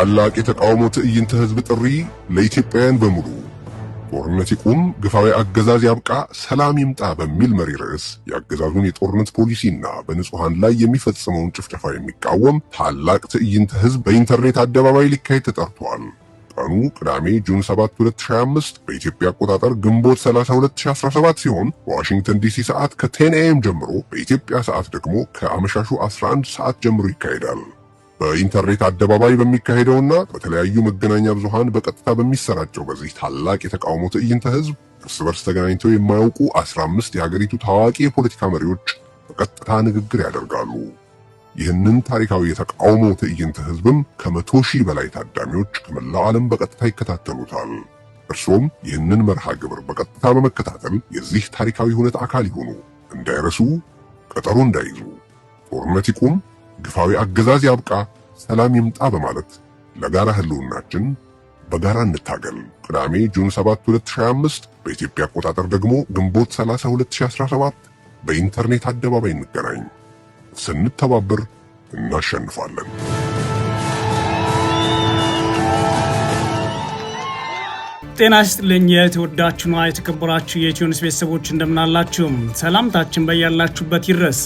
ታላቅ የተቃውሞ ትዕይንተ ህዝብ ጥሪ ለኢትዮጵያውያን በሙሉ ጦርነት ይቁም፣ ግፋዊ አገዛዝ ያብቃ፣ ሰላም ይምጣ በሚል መሪ ርዕስ የአገዛዙን የጦርነት ፖሊሲና በንጹሐን ላይ የሚፈጽመውን ጭፍጨፋ የሚቃወም ታላቅ ትዕይንተ ህዝብ በኢንተርኔት አደባባይ ሊካሄድ ተጠርቷል። ቀኑ ቅዳሜ ጁን 7 2025 በኢትዮጵያ አቆጣጠር ግንቦት 30 2017 ሲሆን በዋሽንግተን ዲሲ ሰዓት ከ10 ኤም ጀምሮ በኢትዮጵያ ሰዓት ደግሞ ከአመሻሹ 11 ሰዓት ጀምሮ ይካሄዳል። በኢንተርኔት አደባባይ በሚካሄደውና በተለያዩ መገናኛ ብዙሃን በቀጥታ በሚሰራጨው በዚህ ታላቅ የተቃውሞ ትዕይንተ ህዝብ እርስ በርስ ተገናኝተው የማያውቁ 15 የሀገሪቱ ታዋቂ የፖለቲካ መሪዎች በቀጥታ ንግግር ያደርጋሉ። ይህንን ታሪካዊ የተቃውሞ ትዕይንተ ህዝብም ከመቶ ሺህ በላይ ታዳሚዎች ከመላው ዓለም በቀጥታ ይከታተሉታል። እርሶም ይህንን መርሃ ግብር በቀጥታ በመከታተል የዚህ ታሪካዊ ሁነት አካል ይሁኑ። እንዳይረሱ፣ ቀጠሮ እንዳይዙ። ጦርነት ይቁም። ግፋዊ አገዛዝ ያብቃ፣ ሰላም ይምጣ በማለት ለጋራ ህልውናችን በጋራ እንታገል። ቅዳሜ ጁን 7 2025 በኢትዮጵያ አቆጣጠር ደግሞ ግንቦት 30 2017 በኢንተርኔት አደባባይ እንገናኝ። ስንተባበር እናሸንፋለን። ጤና ይስጥልኝ የተወዳችሁና የተከበራችሁ የኢትዮኒውስ ቤተሰቦች እንደምናላችሁም ሰላምታችን በያላችሁበት ይድረስ።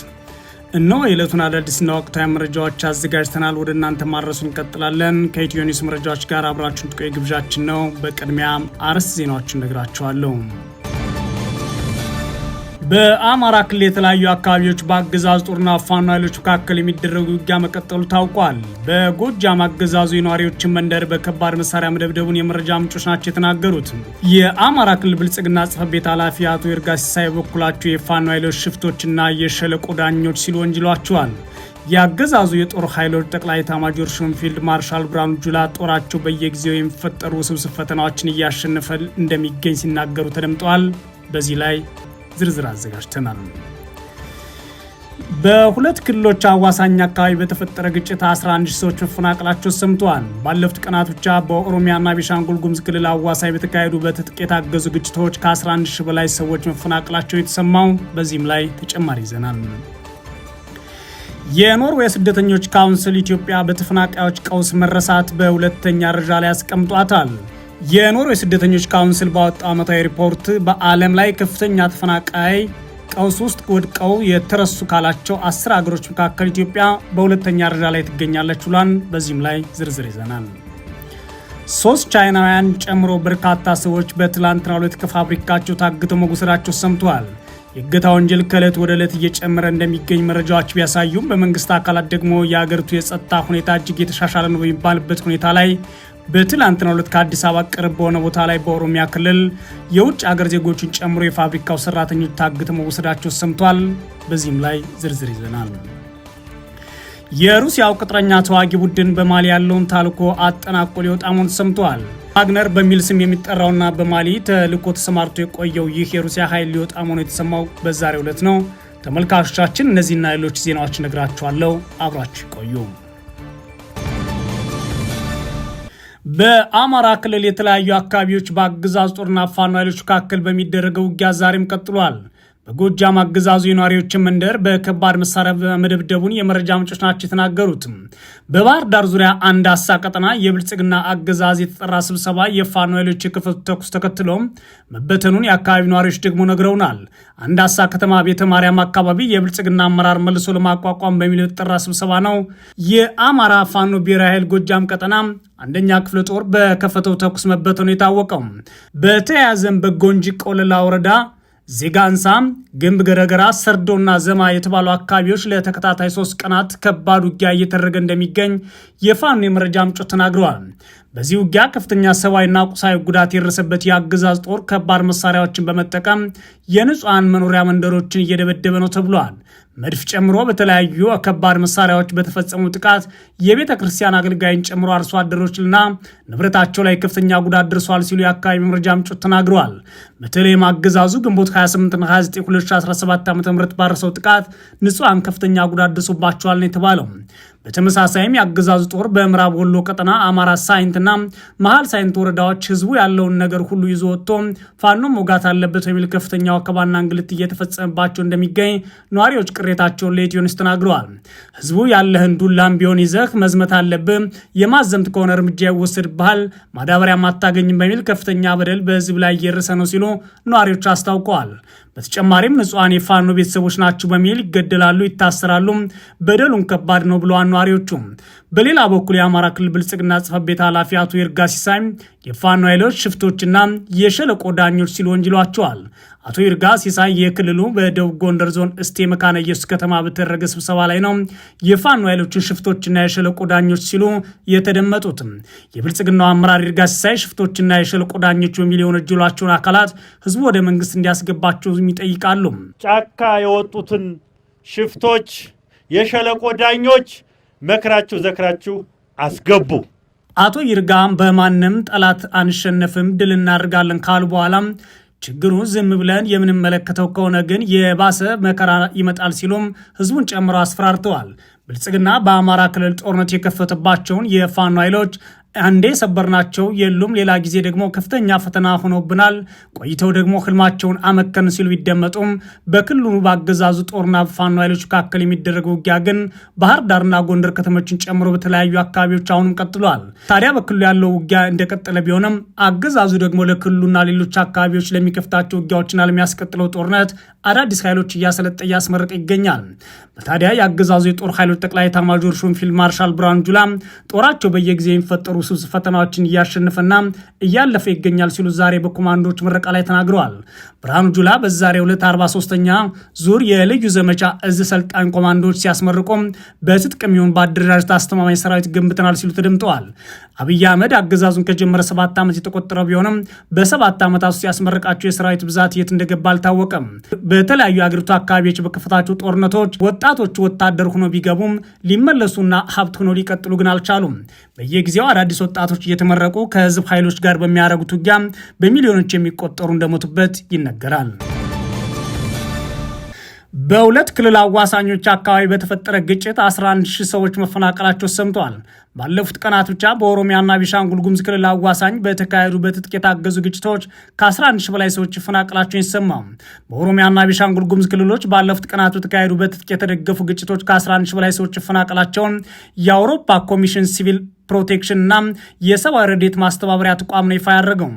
እነሆ የዕለቱን አዳዲስና ወቅታዊ መረጃዎች አዘጋጅተናል ወደ እናንተ ማድረሱ እንቀጥላለን። ከኢትዮ ኒውስ መረጃዎች ጋር አብራችሁን ጥቆ ግብዣችን ነው። በቅድሚያ አርዕስተ ዜናዎችን ነግራችኋለሁ። በአማራ ክልል የተለያዩ አካባቢዎች በአገዛዝ ጦርና ፋኖ ኃይሎች መካከል የሚደረጉ ውጊያ መቀጠሉ ታውቋል። በጎጃም አገዛዙ የነዋሪዎችን መንደር በከባድ መሳሪያ መደብደቡን የመረጃ ምንጮች ናቸው የተናገሩት። የአማራ ክልል ብልጽግና ጽፈት ቤት ኃላፊ አቶ ይርጋ ሲሳይ በበኩላቸው የፋኖ ኃይሎች ሽፍቶችና የሸለቆ ዳኞች ሲሉ ወንጅሏቸዋል። የአገዛዙ የጦር ኃይሎች ጠቅላይ ኤታማዦር ሹም ፊልድ ማርሻል ብርሃኑ ጁላ ጦራቸው በየጊዜው የሚፈጠሩ ውስብስብ ፈተናዎችን እያሸነፈ እንደሚገኝ ሲናገሩ ተደምጠዋል። በዚህ ላይ ዝርዝር አዘጋጅተናል። በሁለት ክልሎች አዋሳኝ አካባቢ በተፈጠረ ግጭት 11 ሰዎች መፈናቀላቸው ሰምተዋል። ባለፉት ቀናት ብቻ በኦሮሚያና ቤሻንጉል ጉሙዝ ክልል አዋሳኝ በተካሄዱ በትጥቅ የታገዙ ግጭቶች ከ11 ሺህ በላይ ሰዎች መፈናቀላቸው የተሰማው፣ በዚህም ላይ ተጨማሪ ይዘናል። የኖርዌይ ስደተኞች ካውንስል ኢትዮጵያ በተፈናቃዮች ቀውስ መረሳት በሁለተኛ ደረጃ ላይ ያስቀምጧታል። የኖርዌይ ስደተኞች ካውንስል ባወጣው ዓመታዊ ሪፖርት በዓለም ላይ ከፍተኛ ተፈናቃይ ቀውስ ውስጥ ወድቀው የተረሱ ካላቸው አስር አገሮች መካከል ኢትዮጵያ በሁለተኛ ደረጃ ላይ ትገኛለች ብሏል። በዚህም ላይ ዝርዝር ይዘናል። ሶስት ቻይናውያን ጨምሮ በርካታ ሰዎች በትላንትናው ዕለት ከፋብሪካቸው ታግተው መጉሰዳቸው ሰምተዋል። የእገታ ወንጀል ከዕለት ወደ ዕለት እየጨመረ እንደሚገኝ መረጃዎች ቢያሳዩም በመንግስት አካላት ደግሞ የአገሪቱ የጸጥታ ሁኔታ እጅግ የተሻሻለ ነው በሚባልበት ሁኔታ ላይ በትላንትና ዕለት ከአዲስ አበባ ቅርብ በሆነ ቦታ ላይ በኦሮሚያ ክልል የውጭ አገር ዜጎችን ጨምሮ የፋብሪካው ሰራተኞች ታግተው መወሰዳቸው ሰምቷል። በዚህም ላይ ዝርዝር ይዘናል። የሩሲያው ቅጥረኛ ተዋጊ ቡድን በማሊ ያለውን ታልኮ አጠናቆ ሊወጣ መሆኑ ሰምቷል። ዋግነር በሚል ስም የሚጠራውና በማሊ ተልኮ ተሰማርቶ የቆየው ይህ የሩሲያ ኃይል ሊወጣ መሆኑ የተሰማው በዛሬው ዕለት ነው። ተመልካቾቻችን እነዚህና ሌሎች ዜናዎች ነግራችኋለሁ። አብራችሁ ይቆዩ። በአማራ ክልል የተለያዩ አካባቢዎች በአገዛዝ ጦርና ፋኖ ኃይሎች መካከል በሚደረገው ውጊያ ዛሬም ቀጥሏል። በጎጃም አገዛዙ የነዋሪዎችን መንደር በከባድ መሳሪያ በመደብደቡን የመረጃ ምንጮች ናቸው የተናገሩት በባህር ዳር ዙሪያ አንድ አሳ ቀጠና የብልጽግና አገዛዝ የተጠራ ስብሰባ የፋኖ ኃይሎች የከፈቱ ተኩስ ተከትሎ መበተኑን የአካባቢ ነዋሪዎች ደግሞ ነግረውናል። አንድ አሳ ከተማ ቤተ ማርያም አካባቢ የብልጽግና አመራር መልሶ ለማቋቋም በሚል የተጠራ ስብሰባ ነው። የአማራ ፋኖ ብሔራዊ ኃይል ጎጃም ቀጠና አንደኛ ክፍለ ጦር በከፈተው ተኩስ መበተኑ የታወቀው በተያያዘን በጎንጂ ቆለላ ወረዳ ዚጋንሳ ግንብ ገረገራ፣ ሰርዶና ዘማ የተባሉ አካባቢዎች ለተከታታይ ሶስት ቀናት ከባድ ውጊያ እየተደረገ እንደሚገኝ የፋኖ የመረጃ ምንጮች ተናግረዋል። በዚህ ውጊያ ከፍተኛ ሰብአዊና ቁሳዊ ጉዳት የደረሰበት የአገዛዝ ጦር ከባድ መሳሪያዎችን በመጠቀም የንጹሐን መኖሪያ መንደሮችን እየደበደበ ነው ተብሏል። መድፍ ጨምሮ በተለያዩ ከባድ መሳሪያዎች በተፈጸሙ ጥቃት የቤተ ክርስቲያን አገልጋይን ጨምሮ አርሶ አደሮችና ንብረታቸው ላይ ከፍተኛ ጉዳት ደርሷል ሲሉ የአካባቢ መረጃ ምንጮች ተናግረዋል። በተለይም አገዛዙ ግንቦት 28ና 29 2017 ዓ ም ባረሰው ጥቃት ንጹሐን ከፍተኛ ጉዳት ደርሶባቸዋል ነው የተባለው። በተመሳሳይም የአገዛዙ ጦር በምዕራብ ወሎ ቀጠና አማራ ሳይንትና መሀል ሳይንት ወረዳዎች ህዝቡ ያለውን ነገር ሁሉ ይዞ ወጥቶ ፋኖ መውጋት አለበት በሚል ከፍተኛ ወከባና እንግልት እየተፈጸመባቸው እንደሚገኝ ነዋሪዎች ቅሬታቸውን ለኢትዮንስ ተናግረዋል። ህዝቡ ያለህን ዱላም ቢሆን ይዘህ መዝመት አለብህ፣ የማዘምት ከሆነ እርምጃ ይወሰድብሃል፣ ማዳበሪያም አታገኝም በሚል ከፍተኛ በደል በህዝብ ላይ እየደረሰ ነው ሲሉ ነዋሪዎች አስታውቀዋል። በተጨማሪም ንጹሐን የፋኖ ቤተሰቦች ናቸው በሚል ይገደላሉ፣ ይታሰራሉ። በደሉን ከባድ ነው ብለዋል ነዋሪዎቹ። በሌላ በኩል የአማራ ክልል ብልጽግና ጽሕፈት ቤት ኃላፊ አቶ ይርጋ ሲሳይ የፋኖ ኃይሎች ሽፍቶችና የሸለቆ ዳኞች ሲሉ ወንጅሏቸዋል። አቶ ይርጋ ሲሳይ የክልሉ በደቡብ ጎንደር ዞን እስቴ መካነ ኢየሱስ ከተማ በተደረገ ስብሰባ ላይ ነው የፋኖ ኃይሎችን ሽፍቶችና የሸለቆ ዳኞች ሲሉ የተደመጡትም። የብልጽግናው አመራር ይርጋ ሲሳይ ሽፍቶችና የሸለቆ ዳኞች በሚል የወነጀሏቸውን አካላት ህዝቡ ወደ መንግስት እንዲያስገባቸው ይጠይቃሉ። ጫካ የወጡትን ሽፍቶች፣ የሸለቆ ዳኞች መክራችሁ ዘክራችሁ አስገቡ። አቶ ይርጋ በማንም ጠላት አንሸነፍም ድል እናደርጋለን ካሉ በኋላም ችግሩን ዝም ብለን የምንመለከተው ከሆነ ግን የባሰ መከራ ይመጣል ሲሉም ህዝቡን ጨምሮ አስፈራርተዋል። ብልጽግና በአማራ ክልል ጦርነት የከፈተባቸውን የፋኖ ኃይሎች አንዴ ሰበርናቸው የሉም፣ ሌላ ጊዜ ደግሞ ከፍተኛ ፈተና ሆኖብናል፣ ቆይተው ደግሞ ህልማቸውን አመከን ሲሉ ቢደመጡም በክልሉ በአገዛዙ ጦርና ፋኖ ኃይሎች መካከል የሚደረገ ውጊያ ግን ባህር ዳርና ጎንደር ከተሞችን ጨምሮ በተለያዩ አካባቢዎች አሁንም ቀጥሏል። ታዲያ በክልሉ ያለው ውጊያ እንደቀጠለ ቢሆንም አገዛዙ ደግሞ ለክልሉና ሌሎች አካባቢዎች ለሚከፍታቸው ውጊያዎችና ለሚያስቀጥለው ጦርነት አዳዲስ ኃይሎች እያሰለጠ እያስመረቀ ይገኛል። በታዲያ የአገዛዙ የጦር ኃይሎች ጠቅላይ ኤታማዦር ሹም ፊልድ ማርሻል ብርሃኑ ጁላ ጦራቸው በየጊዜ የሚፈጠሩ ውስብስብ ፈተናዎችን እያሸነፈና እያለፈ ይገኛል ሲሉ ዛሬ በኮማንዶች ምረቃ ላይ ተናግረዋል። ብርሃኑ ጁላ በዛሬው ዕለት 43ኛ ዙር የልዩ ዘመቻ እዝ ሰልጣኝ ኮማንዶች ሲያስመርቆም በትጥቅ የሚሆን በአደረጃጀት አስተማማኝ ሰራዊት ገንብተናል ሲሉ ተደምጠዋል። አብይ አህመድ አገዛዙን ከጀመረ ሰባት ዓመት የተቆጠረው ቢሆንም በሰባት ዓመታት ውስጥ ያስመረቃቸው የሰራዊት ብዛት የት እንደገባ አልታወቀም። በተለያዩ የአገሪቱ አካባቢዎች በከፈታቸው ጦርነቶች ወጣቶቹ ወታደር ሆኖ ቢገቡም ሊመለሱና ሀብት ሆኖ ሊቀጥሉ ግን አልቻሉም። በየጊዜው አዳዲስ ወጣቶች እየተመረቁ ከህዝብ ኃይሎች ጋር በሚያደርጉት ውጊያ በሚሊዮኖች የሚቆጠሩ እንደሞቱበት ይነገራል። በሁለት ክልል አዋሳኞች አካባቢ በተፈጠረ ግጭት 11 ሺህ ሰዎች መፈናቀላቸው ሰምተዋል። ባለፉት ቀናት ብቻ በኦሮሚያና ቢሻንጉል ጉምዝ ክልል አዋሳኝ በተካሄዱ በትጥቅ የታገዙ ግጭቶች ከ11 ሺህ በላይ ሰዎች መፈናቀላቸው ይሰማም። በኦሮሚያና ቢሻንጉል ጉምዝ ክልሎች ባለፉት ቀናት በተካሄዱ በትጥቅ የተደገፉ ግጭቶች ከ11 ሺህ በላይ ሰዎች መፈናቀላቸውን የአውሮፓ ኮሚሽን ሲቪል ፕሮቴክሽንና የሰብአዊ ረዴት ማስተባበሪያ ተቋም ነው ይፋ ያደረገው።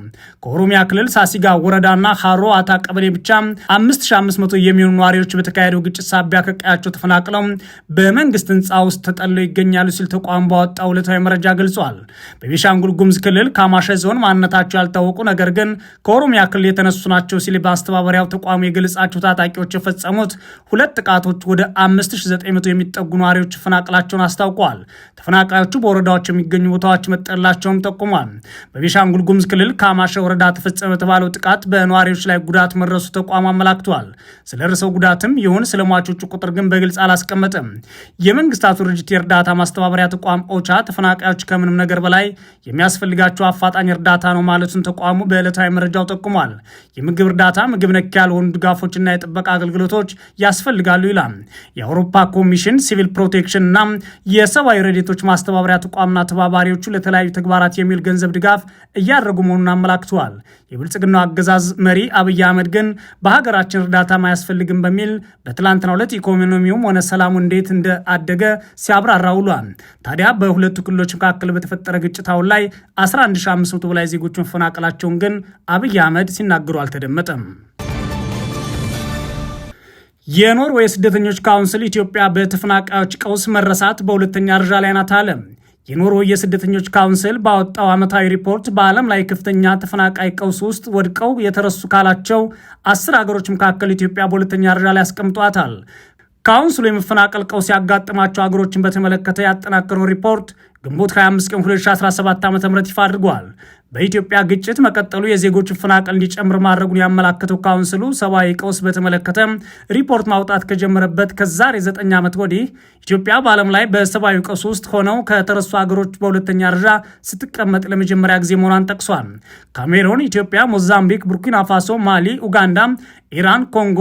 ከኦሮሚያ ክልል ሳሲጋ ወረዳና ሀሮ አታ ቀበሌ ብቻ 5500 የሚሆኑ ነዋሪዎች በተካሄደው ግጭት ሳቢያ ከቀያቸው ተፈናቅለው በመንግስት ህንፃ ውስጥ ተጠልለው ይገኛሉ ሲል ተቋም ባወጣው ዕለታዊ መረጃ ገልጿል። በቤሻንጉል ጉሙዝ ክልል ካማሸ ዞን ማንነታቸው ያልታወቁ ነገር ግን ከኦሮሚያ ክልል የተነሱ ናቸው ሲል በአስተባበሪያው ተቋም የገለጻቸው ታጣቂዎች የፈጸሙት ሁለት ጥቃቶች ወደ 5900 የሚጠጉ ነዋሪዎች ተፈናቅላቸውን አስታውቋል። ተፈናቃዮቹ በወረዳዎች የሚገኙ ቦታዎች መጠላቸውም ጠቁሟል። በቤሻንጉል ጉሙዝ ክልል ከአማሸ ወረዳ ተፈጸመ የተባለው ጥቃት በነዋሪዎች ላይ ጉዳት መድረሱ ተቋሙ አመላክቷል። ስለ ርሰው ጉዳትም ይሁን ስለ ሟቾቹ ቁጥር ግን በግልጽ አላስቀመጠም። የመንግስታቱ ድርጅት የእርዳታ ማስተባበሪያ ተቋም ኦቻ ተፈናቃዮች ከምንም ነገር በላይ የሚያስፈልጋቸው አፋጣኝ እርዳታ ነው ማለቱን ተቋሙ በዕለታዊ መረጃው ጠቁሟል። የምግብ እርዳታ፣ ምግብ ነክ ያልሆኑ ድጋፎችና የጥበቃ አገልግሎቶች ያስፈልጋሉ ይላል። የአውሮፓ ኮሚሽን ሲቪል ፕሮቴክሽን እና የሰብአዊ ረዴቶች ማስተባበሪያ ተቋምና ተባባሪዎቹ ለተለያዩ ተግባራት የሚል ገንዘብ ድጋፍ እያደረጉ መሆኑን አመላክተዋል። የብልጽግናው አገዛዝ መሪ አብይ አህመድ ግን በሀገራችን እርዳታ አያስፈልግም በሚል በትላንትናው ዕለት ኢኮኖሚውም ሆነ ሰላሙ እንዴት እንደአደገ ሲያብራራ ውሏል። ታዲያ በሁለቱ ክልሎች መካከል በተፈጠረ ግጭት አሁን ላይ 11500 በላይ ዜጎች መፈናቀላቸውን ግን አብይ አህመድ ሲናገሩ አልተደመጠም። የኖርዌይ ስደተኞች ካውንስል ኢትዮጵያ በተፈናቃዮች ቀውስ መረሳት በሁለተኛ ደረጃ ላይ ናት የኖርዌይ የስደተኞች ካውንስል ባወጣው ዓመታዊ ሪፖርት በዓለም ላይ ከፍተኛ ተፈናቃይ ቀውስ ውስጥ ወድቀው የተረሱ ካላቸው አስር አገሮች መካከል ኢትዮጵያ በሁለተኛ ደረጃ ላይ አስቀምጧታል። ካውንስሉ የመፈናቀል ቀውስ ያጋጠማቸው አገሮችን በተመለከተ ያጠናከረው ሪፖርት ግንቦት 25 ቀን 2017 ዓ ም ይፋ አድርጓል። በኢትዮጵያ ግጭት መቀጠሉ የዜጎች ፈናቀል እንዲጨምር ማድረጉን ያመላከተው ካውንስሉ ሰብአዊ ቀውስ በተመለከተ ሪፖርት ማውጣት ከጀመረበት ከዛሬ ዘጠኝ ዓመት ወዲህ ኢትዮጵያ በዓለም ላይ በሰብአዊ ቀውስ ውስጥ ሆነው ከተረሱ ሀገሮች በሁለተኛ ደረጃ ስትቀመጥ ለመጀመሪያ ጊዜ መሆኗን ጠቅሷል። ካሜሮን፣ ኢትዮጵያ፣ ሞዛምቢክ፣ ቡርኪና ፋሶ፣ ማሊ፣ ኡጋንዳ፣ ኢራን፣ ኮንጎ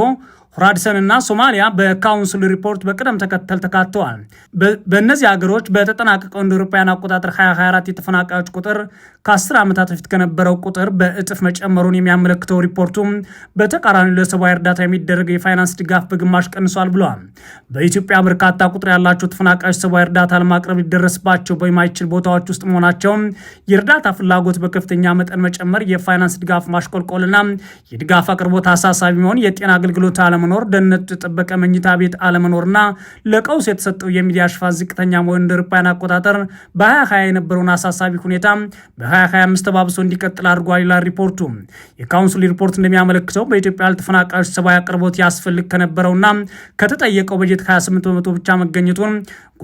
ሆራድሰን እና ሶማሊያ በካውንስል ሪፖርት በቅደም ተከተል ተካተዋል። በእነዚህ ሀገሮች በተጠናቀቀው እንደ አውሮፓውያን አቆጣጠር 2024 የተፈናቃዮች ቁጥር ከ10 ዓመታት በፊት ከነበረው ቁጥር በእጥፍ መጨመሩን የሚያመለክተው ሪፖርቱም በተቃራኒ ለሰብአዊ እርዳታ የሚደረገው የፋይናንስ ድጋፍ በግማሽ ቀንሷል ብለዋል። በኢትዮጵያ በርካታ ቁጥር ያላቸው ተፈናቃዮች ሰብአዊ እርዳታ ለማቅረብ ሊደረስባቸው በማይችል ቦታዎች ውስጥ መሆናቸው፣ የእርዳታ ፍላጎት በከፍተኛ መጠን መጨመር፣ የፋይናንስ ድጋፍ ማሽቆልቆልና የድጋፍ አቅርቦት አሳሳቢ መሆን፣ የጤና አገልግሎት አለመ አለመኖር፣ ደህንነቱ የተጠበቀ መኝታ ቤት አለመኖርና ለቀውስ የተሰጠው የሚዲያ ሽፋን ዝቅተኛ መሆን እንደ አውሮፓውያን አቆጣጠር በ2020 የነበረውን አሳሳቢ ሁኔታ በ2025 ተባብሶ እንዲቀጥል አድርጓል ይላል ሪፖርቱ። የካውንስሉ ሪፖርት እንደሚያመለክተው በኢትዮጵያ ለተፈናቃዮች ሰብአዊ አቅርቦት ያስፈልግ ከነበረውና ከተጠየቀው በጀት 28 በመቶ ብቻ መገኘቱን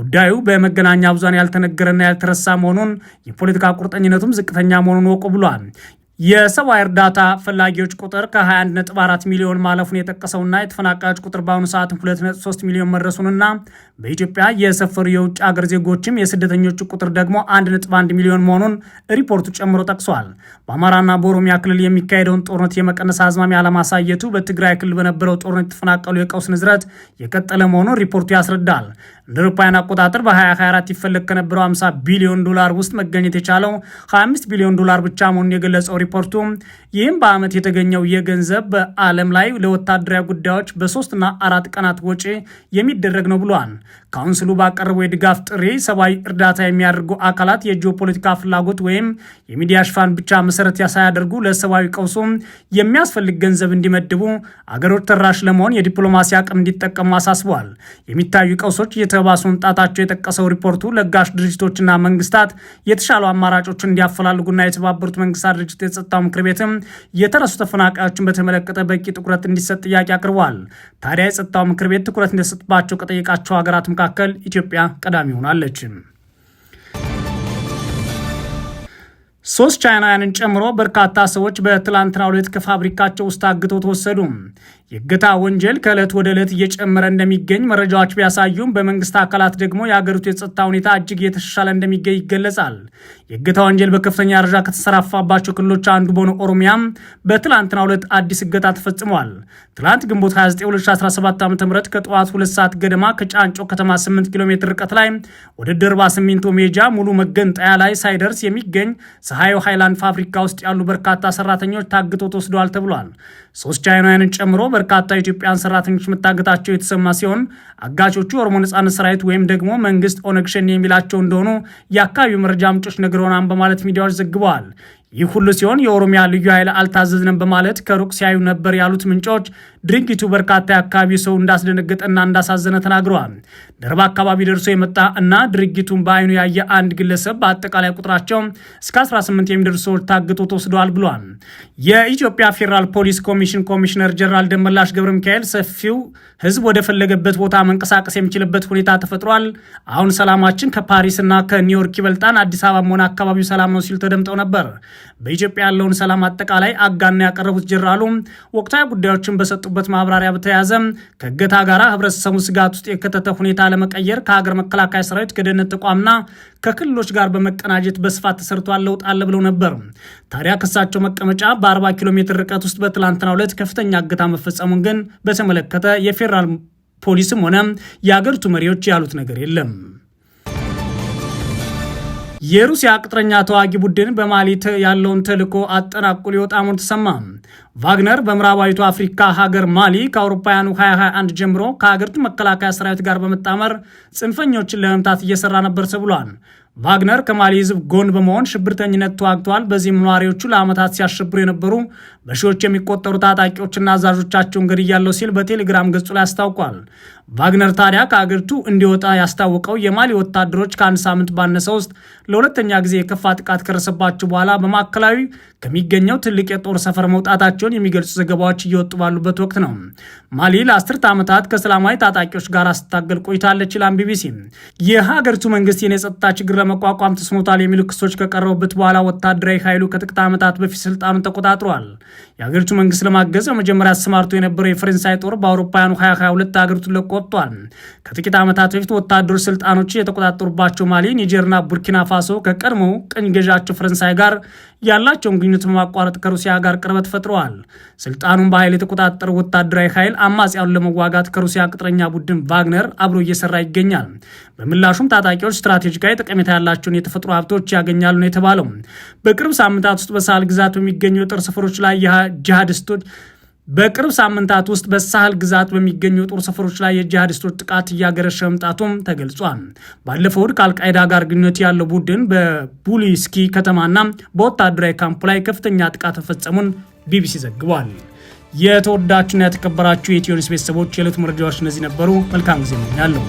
ጉዳዩ በመገናኛ ብዙሃን ያልተነገረና ያልተረሳ መሆኑን የፖለቲካ ቁርጠኝነቱም ዝቅተኛ መሆኑን ወቁ ብሏል። የሰብአዊ እርዳታ ፈላጊዎች ቁጥር ከ21.4 ሚሊዮን ማለፉን የጠቀሰውና የተፈናቃዮች ቁጥር በአሁኑ ሰዓት 2.3 ሚሊዮን መድረሱንና በኢትዮጵያ የሰፈሩ የውጭ አገር ዜጎችም የስደተኞቹ ቁጥር ደግሞ 1.1 ሚሊዮን መሆኑን ሪፖርቱ ጨምሮ ጠቅሷል። በአማራና በኦሮሚያ ክልል የሚካሄደውን ጦርነት የመቀነስ አዝማሚያ አለማሳየቱ በትግራይ ክልል በነበረው ጦርነት የተፈናቀሉ የቀውስ ንዝረት የቀጠለ መሆኑን ሪፖርቱ ያስረዳል። እንደ አውሮፓውያን አቆጣጠር በ2024 ይፈለግ ከነበረው 50 ቢሊዮን ዶላር ውስጥ መገኘት የቻለው 25 ቢሊዮን ዶላር ብቻ መሆኑን የገለጸው ሪፖርቱ ይህም በዓመት የተገኘው የገንዘብ በዓለም ላይ ለወታደራዊ ጉዳዮች በሶስትና አራት ቀናት ወጪ የሚደረግ ነው ብሏል። ካውንስሉ ባቀረበው የድጋፍ ጥሪ ሰብአዊ እርዳታ የሚያደርጉ አካላት የጂኦፖለቲካ ፍላጎት ወይም የሚዲያ ሽፋን ብቻ መሰረት ሳያደርጉ ለሰብአዊ ቀውሱ የሚያስፈልግ ገንዘብ እንዲመድቡ አገሮች ተራሽ ለመሆን የዲፕሎማሲ አቅም እንዲጠቀሙ አሳስበዋል። የሚታዩ ቀውሶች እየተባባሱ መምጣታቸው የጠቀሰው ሪፖርቱ ለጋሽ ድርጅቶችና መንግስታት የተሻሉ አማራጮችን እንዲያፈላልጉና የተባበሩት መንግስታት ድርጅት የጸጥታው ምክር ቤትም የተረሱ ተፈናቃዮችን በተመለከተ በቂ ትኩረት እንዲሰጥ ጥያቄ አቅርቧል። ታዲያ የጸጥታው ምክር ቤት ትኩረት እንደሰጥባቸው ከጠየቃቸው ሀገራት መካከል ኢትዮጵያ ቀዳሚ ሆናለች። ሶስት ቻይናውያንን ጨምሮ በርካታ ሰዎች በትላንትናው ዕለት ከፋብሪካቸው ውስጥ አግተው ተወሰዱ። የእገታ ወንጀል ከዕለት ወደ ዕለት እየጨመረ እንደሚገኝ መረጃዎች ቢያሳዩም በመንግስት አካላት ደግሞ የአገሪቱ የጸጥታ ሁኔታ እጅግ እየተሻሻለ እንደሚገኝ ይገለጻል። የእገታ ወንጀል በከፍተኛ ደረጃ ከተሰራፋባቸው ክልሎች አንዱ በሆነ ኦሮሚያም በትላንትናው ዕለት አዲስ እገታ ተፈጽሟል። ትላንት ግንቦት 292017 ዓ ም ከጠዋት ሁለት ሰዓት ገደማ ከጫንጮ ከተማ 8 ኪሎ ሜትር ርቀት ላይ ወደ ደርባ ሲሚንቶ ሜጃ ሙሉ መገንጠያ ላይ ሳይደርስ የሚገኝ ፀሐዩ ሃይላንድ ፋብሪካ ውስጥ ያሉ በርካታ ሰራተኞች ታግቶ ተወስደዋል ተብሏል። ሶስት ቻይናውያንን ጨምሮ በርካታ ኢትዮጵያን ሰራተኞች መታገታቸው የተሰማ ሲሆን አጋቾቹ ኦሮሞ ነጻነት ሰራዊት ወይም ደግሞ መንግስት ኦነግ ሸኔ የሚላቸው እንደሆኑ የአካባቢው መረጃ ምንጮች ነግረውናል በማለት ሚዲያዎች ዘግበዋል። ይህ ሁሉ ሲሆን የኦሮሚያ ልዩ ኃይል አልታዘዝንም በማለት ከሩቅ ሲያዩ ነበር ያሉት ምንጮች ድርጊቱ በርካታ የአካባቢ ሰው እንዳስደነገጠና እንዳሳዘነ ተናግረዋል። ደርባ አካባቢ ደርሶ የመጣ እና ድርጊቱን በአይኑ ያየ አንድ ግለሰብ በአጠቃላይ ቁጥራቸው እስከ 18 የሚደርሱ ሰዎች ታግቶ ተወስደዋል ብሏል። የኢትዮጵያ ፌዴራል ፖሊስ ኮሚሽን ኮሚሽነር ጀነራል ደመላሽ ገብረ ሚካኤል ሰፊው ህዝብ ወደፈለገበት ቦታ መንቀሳቀስ የሚችልበት ሁኔታ ተፈጥሯል። አሁን ሰላማችን ከፓሪስና ከኒውዮርክ ይበልጣን አዲስ አበባ መሆን አካባቢው ሰላም ነው ሲሉ ተደምጠው ነበር። በኢትዮጵያ ያለውን ሰላም አጠቃላይ አጋና ያቀረቡት ጀነራሉ ወቅታዊ ጉዳዮችን በሰጡበት ማብራሪያ በተያያዘ ከእገታ ጋር ህብረተሰቡ ስጋት ውስጥ የከተተ ሁኔታ ለመቀየር ከሀገር መከላከያ ሰራዊት ከደህንነት ተቋምና ከክልሎች ጋር በመቀናጀት በስፋት ተሰርቷል፣ ለውጥ አለ ብለው ነበር። ታዲያ ከሳቸው መቀመጫ በ40 ኪሎ ሜትር ርቀት ውስጥ በትላንትናው ዕለት ከፍተኛ እገታ መፈጸሙን ግን በተመለከተ የፌዴራል ፖሊስም ሆነ የአገሪቱ መሪዎች ያሉት ነገር የለም። የሩሲያ ቅጥረኛ ተዋጊ ቡድን በማሊ ያለውን ተልዕኮ አጠናቆ ሊወጣ መሆኑ ተሰማ። ቫግነር በምዕራባዊቱ አፍሪካ ሀገር ማሊ ከአውሮፓውያኑ 2021 ጀምሮ ከሀገሪቱ መከላከያ ሰራዊት ጋር በመጣመር ጽንፈኞችን ለመምታት እየሰራ ነበር ተብሏል። ቫግነር ከማሊ ህዝብ ጎን በመሆን ሽብርተኝነት ተዋግተዋል። በዚህም ነዋሪዎቹ ለዓመታት ሲያሸብሩ የነበሩ በሺዎች የሚቆጠሩ ታጣቂዎችና አዛዦቻቸውን ገድያለሁ ሲል በቴሌግራም ገጹ ላይ አስታውቋል። ቫግነር ታዲያ ከአገሪቱ እንዲወጣ ያስታወቀው የማሊ ወታደሮች ከአንድ ሳምንት ባነሰ ውስጥ ለሁለተኛ ጊዜ የከፋ ጥቃት ከደረሰባቸው በኋላ በማዕከላዊ ከሚገኘው ትልቅ የጦር ሰፈር መውጣታቸውን የሚገልጹ ዘገባዎች እየወጡ ባሉበት ወቅት ነው። ማሊ ለአስርት ዓመታት ከሰላማዊ ታጣቂዎች ጋር አስታገል ቆይታለች ይላም ቢቢሲ። የሀገሪቱ መንግስት የጸጥታ ችግር ለመቋቋም ተስኖታል የሚሉ ክሶች ከቀረቡበት በኋላ ወታደራዊ ኃይሉ ከጥቂት ዓመታት በፊት ስልጣኑን ተቆጣጥሯል። የአገሪቱ መንግስት ለማገዝ በመጀመሪያ አሰማርቶ የነበረው የፈረንሳይ ጦር በአውሮፓውያኑ 2022 አገሪቱን ለቆ ወጥቷል። ከጥቂት ዓመታት በፊት ወታደሮች ስልጣኖች የተቆጣጠሩባቸው ማሊ፣ ኒጀርና ቡርኪና ፋሶ ከቀድሞ ቅኝ ገዣቸው ፈረንሳይ ጋር ያላቸውን ግንኙነት በማቋረጥ ከሩሲያ ጋር ቅርበት ፈጥረዋል። ስልጣኑን በኃይል የተቆጣጠረው ወታደራዊ ኃይል አማጽያኑን ለመዋጋት ከሩሲያ ቅጥረኛ ቡድን ቫግነር አብሮ እየሰራ ይገኛል። በምላሹም ታጣቂዎች ስትራቴጂካዊ ጠቀሜታ ያላቸውን የተፈጥሮ ሀብቶች ያገኛሉ ነው የተባለው። በቅርብ ሳምንታት ውስጥ በሳህል ግዛት በሚገኙ የጦር ሰፈሮች ላይ ጂሃዲስቶች በቅርብ ሳምንታት ውስጥ በሳህል ግዛት በሚገኙ የጦር ሰፈሮች ላይ የጂሃዲስቶች ጥቃት እያገረሸ መምጣቱም ተገልጿል። ባለፈው እሁድ ከአልቃይዳ ጋር ግንኙነት ያለው ቡድን በቡሊስኪ ከተማና በወታደራዊ ካምፕ ላይ ከፍተኛ ጥቃት መፈጸሙን ቢቢሲ ዘግቧል። የተወዳችሁና የተከበራችሁ የኢትዮ ኒውስ ቤተሰቦች የዕለቱ መረጃዎች እነዚህ ነበሩ። መልካም ጊዜ ያለው።